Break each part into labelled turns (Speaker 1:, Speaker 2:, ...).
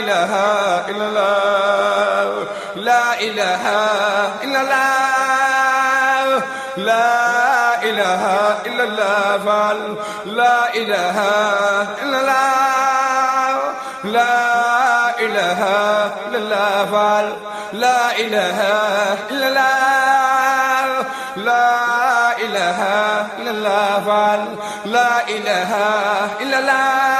Speaker 1: إله إلا الله لا إله إلا الله لا إله إلا الله فعل لا إله إلا الله لا إله إلا الله فعل لا إله إلا الله لا إله إلا الله فعل لا إله إلا الله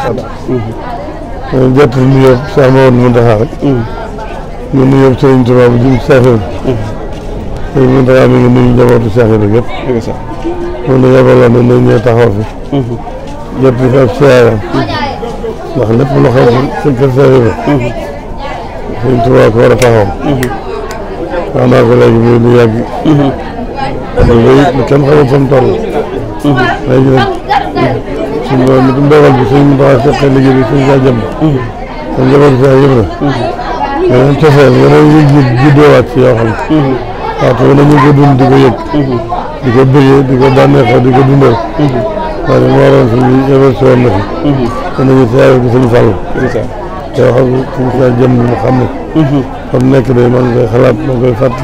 Speaker 2: waaw. jot a nuyoo sax ma woon mu ndax rek. ñu nuyoo Sëriñ Tuubaa bu jëm Seex Ibra. Sëriñ Muntaxa mi ngi nuyu njabootu Seex la yabaloon na ñëw taxaw fi. jot fi ab siyaara. ndax lépp lu xew ci kër Seex Ibra. Sëriñ Tuubaa ko war a taxaw. wax naa ko léegi muy lu suñu borom bi ndogal bi suñu doxal seqee liggéey bi suñu saa jëmm. kon njaboot bi saa mm-hmm. yëpp mm-hmm. ko dund di ko yëg. Mm-hmm. di ko bëggee di ko na fi. kon nañu saa yëg suñu mu xam ne. a jàpp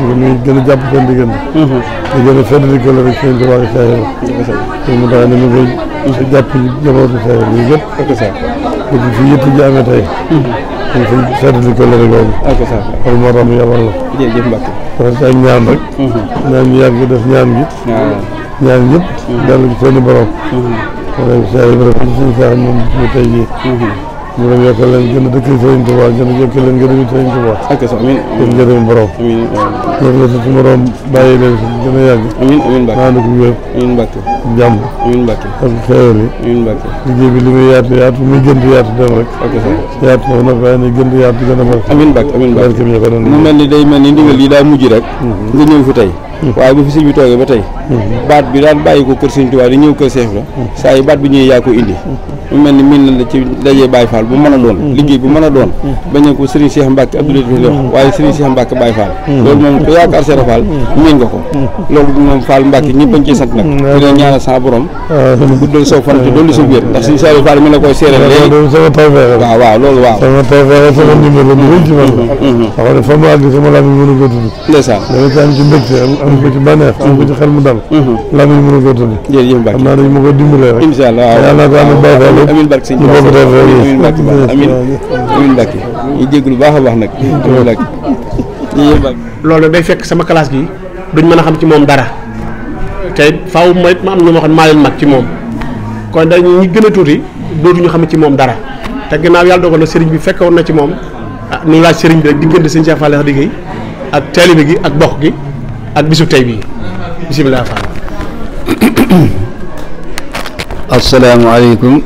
Speaker 2: a mu tax ne jàpp njabootu Seydou bi yëpp. ak sa bëgg fii yëpp ji amee tey. ñu ngi fiy seetlu këllëri boobu. ak sa loolu moo tax mu yabal la. jërëjëf Mbacke. parce que ay ñaan rek. Mhm. ñaan ñu yàgg def ñaan gi. ñaan yëpp. Mhm. dellu ci seen i borom. wala mhm. Seydou bi rek li si ñu saa moom mu tey jii. ñu leen yokkal leen gën a dëkk Sëriñ Tuubaa gën a yokkal leen ngërëmu Sëriñ Tuubaa ak sa amiin seen ngërëmu borom amiin loolu la suñu borom bàyyi a yàgg amiin amiin Mbàkke naa ne ko wér amiin Mbàkke bi li muy yaatu yaatu a mel amiin mu mel
Speaker 3: ni day mel ni ndigal yi daa mujj rek mhm. nga ñëw fi mhm. toogee ba tey Hmm. baat bi daan bàyyi ko kër Sëñ Tuubaa di ñëw kër Seex la hmm. saa yi baat bi ñëwee yaa ko indi mu mel ni miin na la ci dajee Baye Fall bu mën a doon hmm. liggéey bu mën a doon bañ a ko Serigne Cheikh Mbacke Abdou Latif la wax waaye Serigne Cheikh Mbacke Baye Fall loolu moom ko yaakaar Seex Fall miin nga ko loolu moom Fall Mbacke ñëpp ci sant nag di leen ñaanal sa borom ah. guddal soo fan te dolli sa wér ndax Serigne Saliou Fall mi la koy seeral léegi
Speaker 2: sama tawfeex waaw waaw loolu jàng mhm. lamiñ mënu ko tudd jërëjëf Mbacke xam naa dañ ma ko dimbalee rek incha allah yàlla ko am baax la amiin barke sëñ Tuubaa amiin Mbacke amiin amiin Mbacke ñu jégg
Speaker 4: lu baax a baax nag amiin Mbacke loolu day fekk sama classe bi duñ mën a xam ci moom dara tey faaw ma it ma am ñu ma xam maa leen mag ci moom kon dañ ñu gën a tuuti dootuñu xam ci moom dara te ginnaaw yàlla dogal na sëriñ bi fekkoon na ci moom ah ñu laaj sëriñ bi rek diggante sëñ Cheikh Fall Khady Gueye ak taalibe gi ak bokk gi ak bisu tey bii Bismillah. Fall
Speaker 3: asalaamualeykum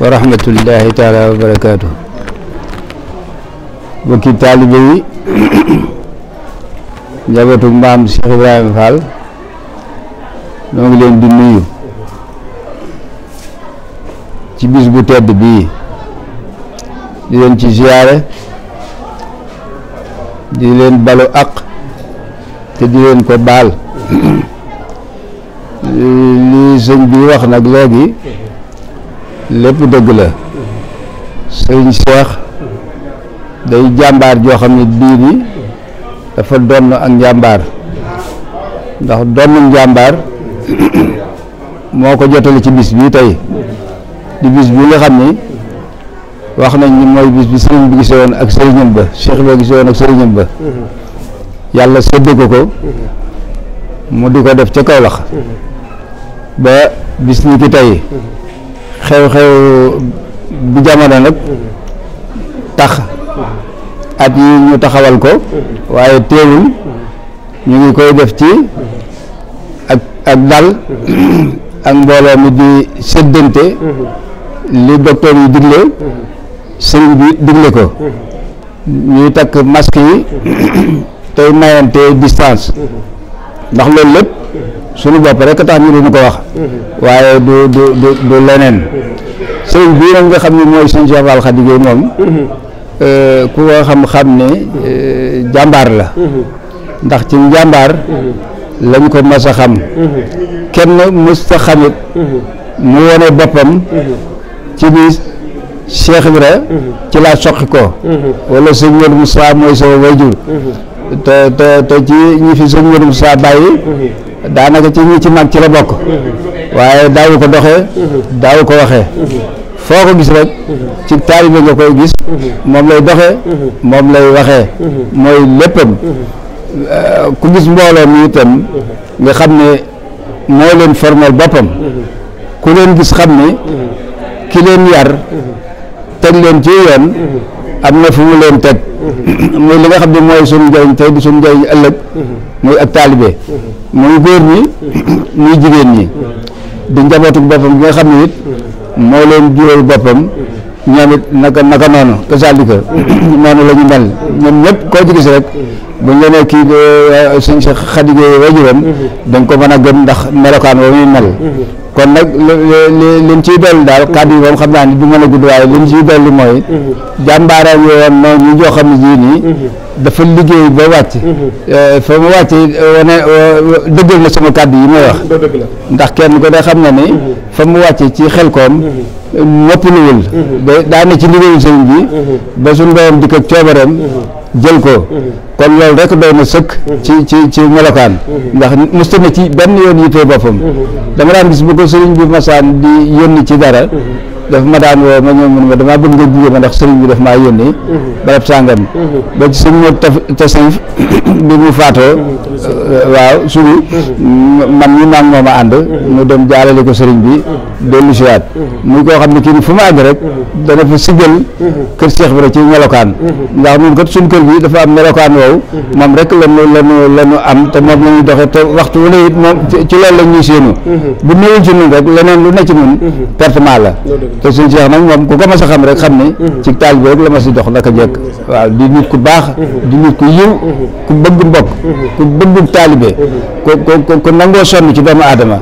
Speaker 3: wa rahmatullahi taala wa barakatuh. bokki taalibe yi njabootu mbaam Cheikh Ibrahima Fall noo ngi leen di nuyu ci bis bu tedd di ci di te di leen ko baal li sëñ bi wax nag léegi lépp dëgg la sëñ Seex day jàmbaar joo xam ne bii bi dafa donn ak njàmbaar ndax donn njàmbaar moo ko jotale ci bis bi tey di bis bi nga xam ni wax nañ ni mooy bis bi sëriñ bi gisee woon ak sëriñam ba Cheikh bi gisee ak sëriñam ba yàlla séddee ko ko mu di ko def ca Kawlax ba bis ni ki tey xew-xew bu jamono nag tax at yi ñu taxawal ko waaye teewul ñu ngi koy def ci ak ak dal ak mbooloo mi di séddante li docteur yi digle sëriñ bi digle ko ñuy takk masque yi tey mayante distance ndax loolu lépp suñu bopp rek tax ñu duñu ko wax waaye du du du du leneen sëriñ bii nag nga xam ne mooy sëriñ Cheikh Fall Khady moom euh, ku ko xam-xam ne euh, jàmbaar la ndax ci jàmbaar lañ ko mas a xam kenn mës a xamit mu wone boppam ci biir Cheikh Ibra ci laa soqi ko wala sëñ Modou Moussa mooy sama wayjur te te te ci ñi fi sëñ Modou Moussa bàyyi daanaka ci ñi ci mag ci la bokk waaye daawu ko doxee daawu ko waxee foo ko gis rek ci taalibe nga koy gis moom lay doxee moom lay waxee mooy léppam euh, ku gis mbooloo mi itam nga xam ne moo leen formel boppam ku leen gis xam ne ki leen yar teg leen ci yoon am na fu mu leen teg
Speaker 5: mhm.
Speaker 3: muy li nga xam ne mooy suñu njëriñ tey di suñu njëriñ ëllëg mhm. muy ak taalibe
Speaker 5: mhm.
Speaker 3: muy góor ñi muy jigéen ñi di njabootu boppam bi nga xam ne it moo leen jural boppam ñoom it naka naka noonu te sàllika noonu la mel ñoom ñëpp koo ci gis rek bu ñu kii euh, sëñ sa xadigee wajuram dañ ko mën a gëm ndax melokaan wa muy mel kon nag li liñ ciy dolli daal kàddu yi moom xam naa ni du mën a gudd waaye liñ ciy dolli mooy jàmbaaraam yoo woon noonu ñu joo xam ne jii nii dafa liggéey ba wàcc euh, fa mu wàcc wane euh, dëggal na sama kàddu yi may wax ndax kenn ko day xam na ni fa mu wàcc ci xel koom noppaluwul da mm-hmm. daa ci liggéeyu sëñ bi mm-hmm. ba suñ borom dikk ak coobareem mm-hmm. jël ko kon loolu rek doy na sëkk ci ci ci melokaan ndax musta na ci benn yoon yittee boppam dama daan gis bu ko sëriñ bi masaan di yónni ci dara daf ma daan woo ma ñëw mu ne ma damaa bëgg nga gunge ma ndax sëriñ bi daf maa yónni mhm. barab sàngam mhm. ba ci sëñ moo taf tasif bi mu faatoo
Speaker 5: mhm. waaw suñu
Speaker 3: man ñi maag moom a ànd mu dem jaalale ko sëriñ bi dellu siwaat muy koo xam ne kii ni fu ma àgg rek dana fa siggal kër Cheikh Ibra ci melokaan ndax ñun kat suñu kër bi dafa am melokaan woowu moom rek lanu lanu am te moom la ñuy doxe te waxtu wu ne it moom ci loolu la ñuy séenu bu néewul ci ñun rek leneen
Speaker 5: lu
Speaker 3: te suñ Cheikh nag moom ku ko mas a xam rek xam ni ci taal bi rek la mas di dox naka jekk waaw di nit ku baax di nit ku yiw ku bëgg mbokk ku bëgg taalibe ku ku nangoo sonn ci doomu aadama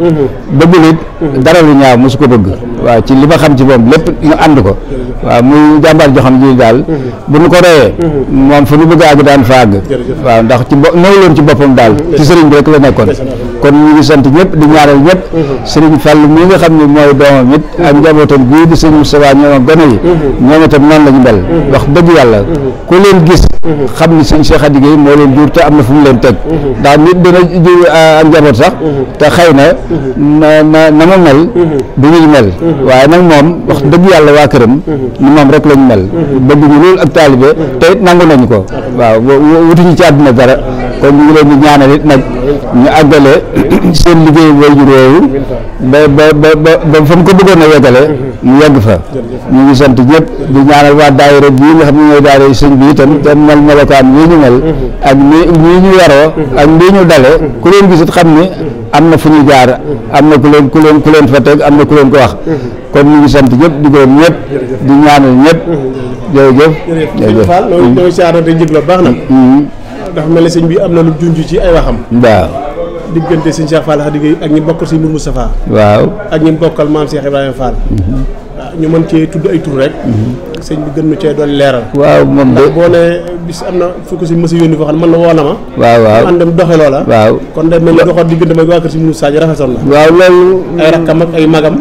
Speaker 3: bëggul it dara lu ñaaw mosu ko bëgg waaw ci li ma xam ci moom lépp ñu ànd ko waaw mu jàmbaar joo xam ji daal bu ñu ko royee moom fu ñu bëgg àgg daan fa àgg waaw ndax ci bo nooy loon ci boppam daal ci sëriñ bi rek la nekkoon kon ñu ngi sant ñëpp di ñaanal ñëpp mm-hmm. sëriñ Fall mi nga xam ne mooy doomam it mm-hmm. ak njabootam bii di sëriñ Moustapha ñoom ak gone yi mm-hmm. ñoom itam noonu la ñu mel wax dëgg yàlla ku leen gis xam ni sëriñ Cheikh Adigueye moo leen jur te am na fu mu leen teg ndax nit dina jur euh, ak njaboot sax te xëy na na na na ma mel du ñu mel waaye nag moom wax dëgg yàlla waa këram ni moom rek lañ mel bëgg ñu loolu ak taalibe te it nañu ko waaw wutuñu ci àdduna dara kon ñu ngi leen di ñaanal it nag ñu àggale seen liggéey waajur woowu ba ba ba ba fa mu ko bëggoon a yeggale ñu yegg fa ñu ngi sant ñëpp di ñaanal waa daayira bii nga xam ne ñooy daayira sëñ bi itam te mel melokaan ñii ñu mel ak nii ñii ñu yaroo ak nii ñu dale ku am na fu ñu jaar am na ku leen ku leen ku leen fa teg am ku leen ko wax kon ñu ngi sant ñëpp di
Speaker 4: gërëm ñëpp di ñaanal baax na mm-hmm. dafa mel ni sëñ bi amna lu junj ci ay waxam. waaw. digënté sëñ Cheikh Fall hadigay ak ñi bokk si Mourou Moustapha. waaw ak ñi bokkal mam Cheikh ibrahim Fall. Mhm. ñu mën ci tuddu ay tour rek. Mhm. sëñ bi gën ñu cee doon léral waaw mom de bo né bis amna fukk ci ko yoni waxal man la wala ma. waaw waaw man dem doxé lola waaw kon dem na doxal digënté ma waa kër si Mourou Sadio na. waaw lool ay rakam ak ay magam.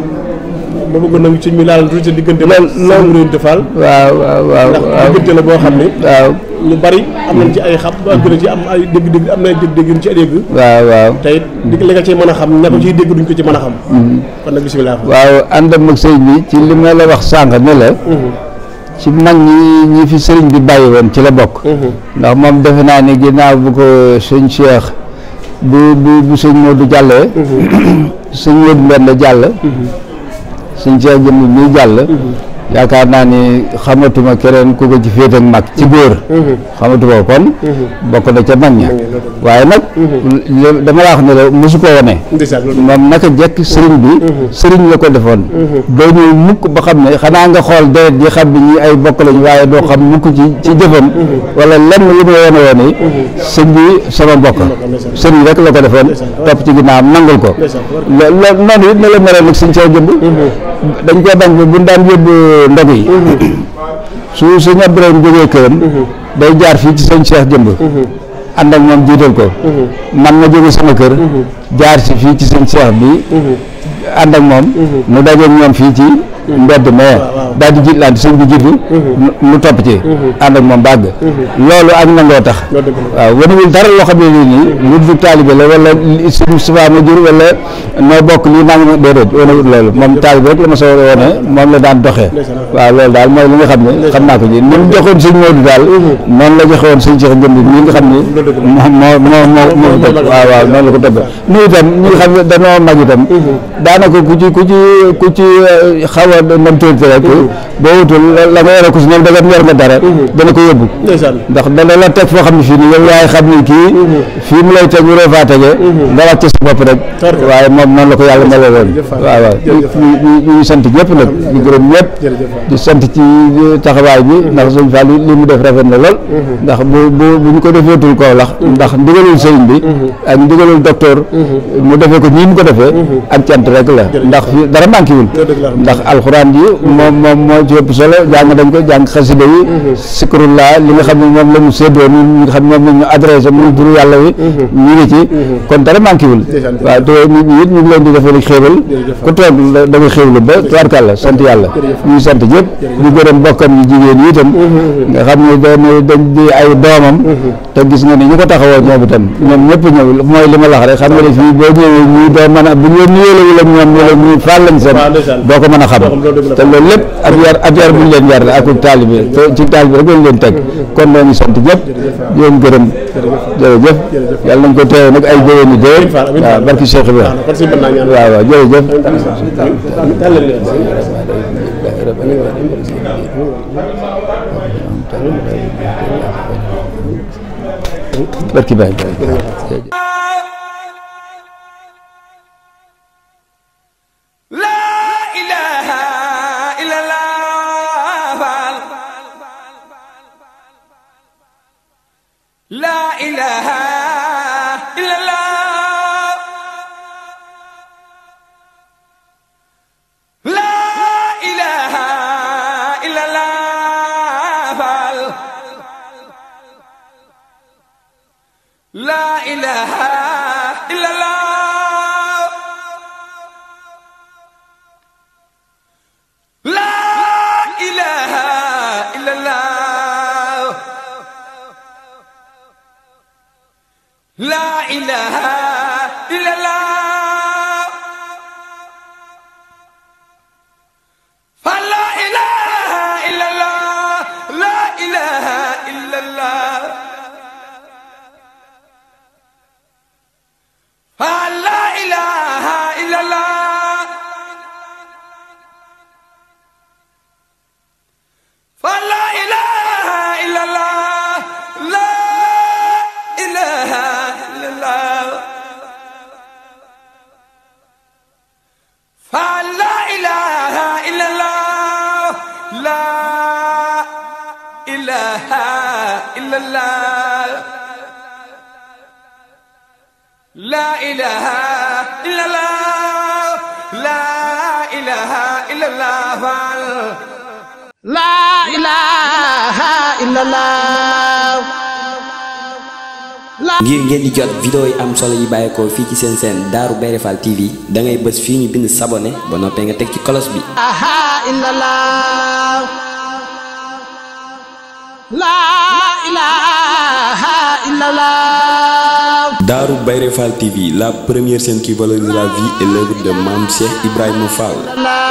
Speaker 4: ba bëgg na ci ñu laal tuuti digënté lool lool ñu defal waaw waaw waaw ndax diggante la bo xam waaw. lu bari am nañ ci ay xam gën a ci am ay dégg-dégg am na ay dégg-dégg yu ñu ci waaw waaw te it li nga ci mën a xam ña ko ciy dégg duñ ko ci mën a xam mm-hmm. kon nag bisimilah waaw ànd ak sëñ bi ci li ma la
Speaker 3: wax sànga ne la mm-hmm. ci mag ñi ñi fi sëriñ bi bàyyi woon ci la bokk mm-hmm. ndax moom defe naa ni ginnaaw bu ko sëñ Cheikh bu bu bu sëñ Modou jàllee sëñ Modou Mbène jàll sëñ Cheikh jëmm ñuy jàll yaakaar naa ni xamatuma keneen ku ko ci féet ak mag ci góor xamatuma kon bokk na ca mag ña waaye nag dama laa wax ne la mosu ko wane moom naka jekk sëriñ bi sëriñ la ko defoon doo ñëw mukk ba xam ne xanaa nga xool deret di xam ni ñi ay bokk lañu waaye doo xam mukk ci jëfam wala lenn li mu wane woon yi sëñ bi sëriñ la ko defoon topp ci ginnaaw nangul ko noonu it ne la meroon nag sëñ Seex Jëmb dañ koy bañ ba buñ daan yóbbu ndog yi su sëñ Abdourahim jógee këram day jaar fii ci sëñ Cheikh jëmb ànd ak moom jiital ko man ma jóge sama kër jaar si fii ci seen Cheikh bi ànd ak moom mu dajeeg ñoom fii ci mbedd mee daal di jiitlaante sëñ bi jiitu mhm. mu topp ci mhm. ànd ak moom bàgg mhm. loolu ak nangoo tax waaw wanewul dara loo xam ne lii nii lu dul taalibe la wala sëñ Sufaa ma jur wala noo bokk lii naa ngi déedéet wanewul loolu moom taalibe rek la ma soo wone moom la daan doxee waaw loolu daal mooy li nga xam ne xam naa ko ji ni mu joxoon sëñ Moodu daal noonu la joxewoon sëñ Cheikh Jëmb mi nga xam ne moo moo moo moo ko topp waaw waaw noonu la ko topp ñu itam ñi nga xam ne dañoo mag itam daanaka ku ci ku ci ku ci eh, xaw a dara ndam téyante rek boo wutul la nga yore ko si ñoom da nga yor nga dara dana ko yóbbu ndax dana la teg foo xam ne fii nii yow yaay xam ni kii fii mu lay teg wuroo faa tegee nga wàcc sa bopp rek waaye moom noonu la ko yàlla mel woon waaw waaw ñu ñu sant ñëpp nag di gërëm ñëpp di sant ci taxawaay bi ndax sëñ li mu def rafet na lool ndax bu bu ñu ko defeetul koo lax ndax ndigalul sëriñ bi ak ndigalul docteur mu defee ko nii mu ko defee ak cant rek la ndax dara manqué wul ndax alxuraan ji moom moom moo ci ëpp solo jàng dañ ko jàng xasida yi mhm. sikrullaa li nga xam ne moom la ñu séddoo ñi nga xam ne moom la ñu adressé muy buru yàlla wi mhm. ñu ngi ci mhm. kon dara manqué wul waaw te nit ñi it ñu ngi leen di defal xéewal ku toog da nga xéewlu ba tubaarkàlla sant yàlla ñuy ñu gërëm bokkam yi jigéen yi itam nga xam ne doomam te gis nga ne ñu ko taxawoo ñoom itam ñoom ñëpp ñëw mooy li ma lax rek xam nga ne fii boo ñëwee ñuy doom a bu ñu leen nuyoo la ñoom ñu la ñuy seen doo ko mën a xam te loolu lépp ab yar bu leen yar la akub taalibe ci taalibe rek lañ leen teg kon noo ngi sant ñëpp di leen gërëm jërëjëf yàlla nañ ko teew nag ay déwéni déwén waaw barki Cheikh bi waaw waaw jërëjëf
Speaker 2: barki Baye
Speaker 1: إله لا إله illallah La ilaha
Speaker 4: ngir ngeen di jot video yi am solo yi bàyyeekoo fi ci sen sen daru TV da ngay beus fi ñu bind s'abonner ba noppé nga tek ci kolos bi.
Speaker 1: aha la la. ilaha illallah.
Speaker 4: Darou Bayré Fall TV, la première chaîne qui valorise la vie et l'œuvre de Mame Cheikh Ibrahima